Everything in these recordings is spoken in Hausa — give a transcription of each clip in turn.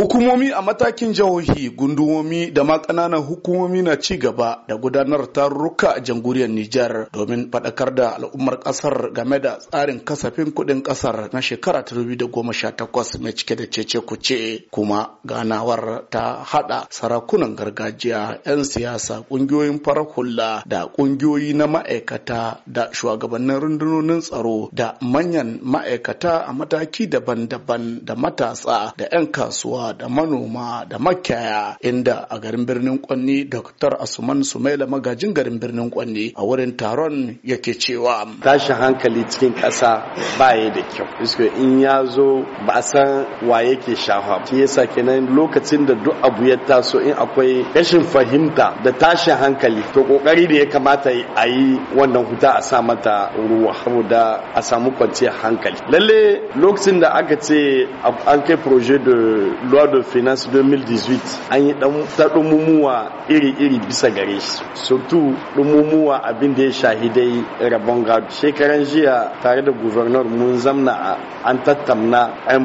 who Hukumomi a matakin jihohi, gundumomi da ma ƙananan hukumomi na ci gaba da gudanar tarurruka a jamhuriyar Nijar domin faɗakar da al'ummar ƙasar game da tsarin kasafin kuɗin ƙasar na shekara ta takwas mai cike da cece kuce kuma ganawar ta haɗa sarakunan gargajiya, 'yan siyasa, ƙungiyoyin farar hula da ƙungiyoyi na ma'aikata da shugabannin rundunonin tsaro da manyan ma'aikata a mataki daban-daban da matasa da 'yan kasuwa da manoma da makiyaya inda a garin birnin Kwanni Dr. Asuman Sumaila magajin garin birnin Kwanni a wurin taron yake cewa tashin hankali cikin ƙasa ba ya da kyau. iska in ya zo ba a san wa yake shafa. Shi yasa kenan lokacin da duk abu ya taso in akwai rashin fahimta da tashin hankali to kokari da ya kamata a yi wannan huta a sa mata ruwa saboda a samu kwanciyar hankali. Lalle lokacin da aka ce an kai projet de loi de finance 2018 an yi ta dumumuwa iri-iri bisa gare shi surtout dumumuwa abin da ya shahidai rabon gado shekaran jiya tare da guvernor mun zamna a an tattamna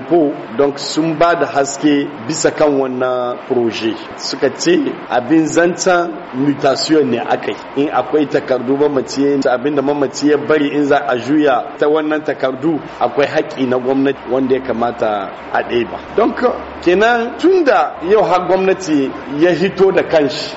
po don sun ba da haske bisa kan wannan proje suka ce abin zancen mutation ne yi in akwai takardu mamaci abin da mamaci ya bari in za a juya ta wannan takardu akwai haƙƙi na gwamnati wanda ya kamata a ɗeba don kenan tun da yau har gwamnati ya hito da kanshi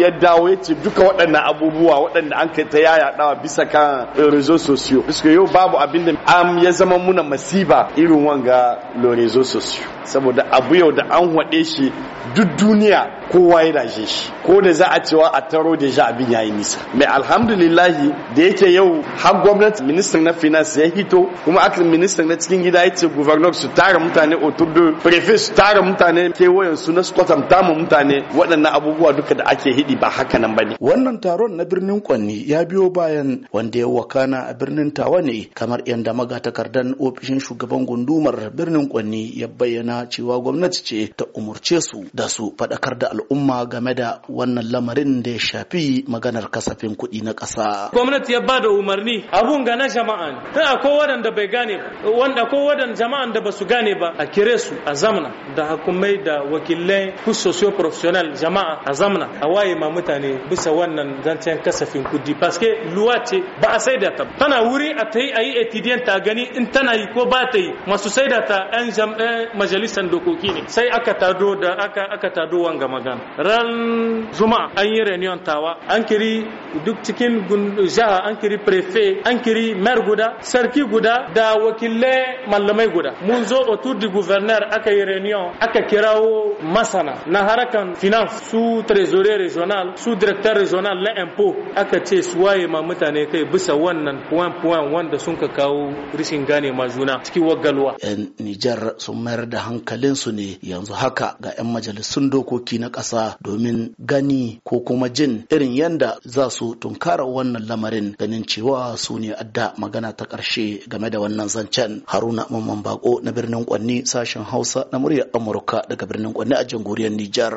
ya dawo ya ce duka waɗannan abubuwa waɗanda an kai ta yaya dawa bisa kan rezo sosiyo suka yau babu abin da am ya zama muna masiba irin wanga lo rezo sosiyo saboda abu yau da an waɗe shi duk duniya kowa ya daje shi ko da za a cewa a taro da shi abin yayi nisa mai alhamdulillahi da yake yau har gwamnati ministan na finance ya hito kuma aka ministan na cikin gida ya ce governor su tara mutane otu da prefect su tara mutane mutane kewayen su na su kwatanta mu mutane waɗannan abubuwa duka da ake hidi ba haka nan bane wannan taron na birnin Kwanni ya biyo bayan wanda ya wakana a birnin Tawa ne kamar yadda magatakardan ofishin shugaban gundumar birnin Kwanni ya bayyana cewa gwamnati ce ta umurce su da su faɗakar da al'umma game da wannan lamarin da ya shafi maganar kasafin kuɗi na ƙasa. Gwamnati ya ba da umarni abun ga na jama'a ta akwai waɗanda bai gane wanda akwai waɗanda jama'an da ba su gane ba a kire su a zamana da ku mai da wakilai ku socio professional jama'a a zamana a waye ma mutane bisa wannan zancen kasafin kudi paske luwa ce ba a saida ta tana wuri a ta yi a yi etidiyan ta gani in tana yi ko ba ta yi masu saida ta yan eh, majalisar dokoki ne sai aka tado da aka aka tado wanga magana ran zuma an yi reunion tawa an kiri duk cikin jiha an kiri prefet an kiri guda sarki guda da wakilai malamai guda mun zo otur di gouverneur aka yi reunion aka aka kirawo masana na harakan finance su trésorier regional su directeur regional na impo aka ce su waye ma mutane kai bisa wannan point point wanda sun ka kawo rishin gane ma juna cikin waggalwa yan Nijar sun mayar da hankalin su ne yanzu haka ga yan majalisun dokoki na ƙasa domin gani ko kuma jin irin yanda za su tunkara wannan lamarin ganin cewa su ne adda magana ta ƙarshe game da wannan zancen Haruna Mamman Bako na birnin Kwanni sashen Hausa na muryar Amurka Doka daga birnin Kwanne a jamhuriyar Nijar.